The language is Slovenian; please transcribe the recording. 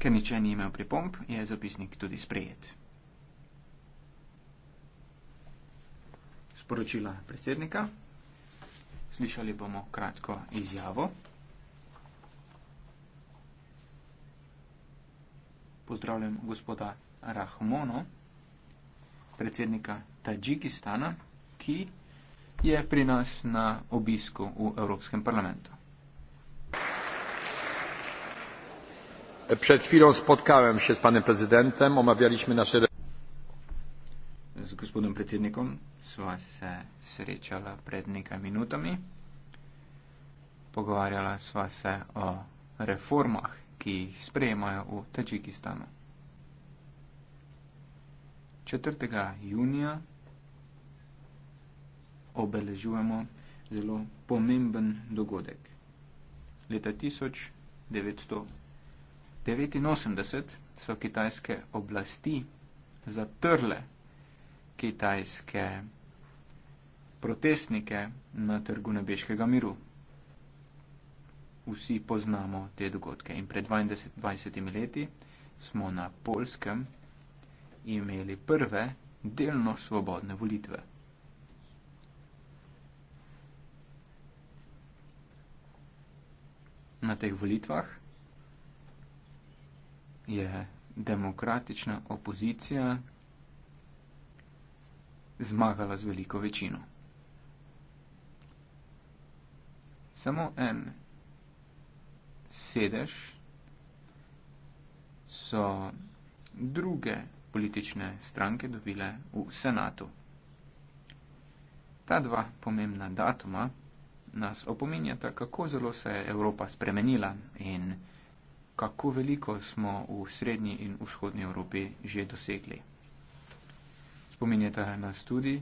Ker niče ni imel pripomp, je zapisnik tudi sprejet. Sporočila predsednika. Slišali bomo kratko izjavo. Pozdravljam gospoda Rahmono, predsednika Tadžikistana, ki je pri nas na obisku v Evropskem parlamentu. przed chwilą spotkałem się z panem prezydentem omawialiśmy nasze z gospodem predsednikom sva se srečala pred nekaj minutami. Pogovarjala sva se o reformah, ki jih sprejemajo v Tadžikistanu. 4. junija obeležujemo zelo pomemben dogodek. Leta 1900. 1989 so kitajske oblasti zatrle kitajske protestnike na trgu nebeškega miru. Vsi poznamo te dogodke in pred 20, 20 leti smo na polskem imeli prve delno svobodne volitve. Na teh volitvah je demokratična opozicija zmagala z veliko večino. Samo en sedež so druge politične stranke dobile v senatu. Ta dva pomembna datuma nas opominjata, kako zelo se je Evropa spremenila in kako veliko smo v srednji in vzhodni Evropi že dosegli. Spominjate nas tudi,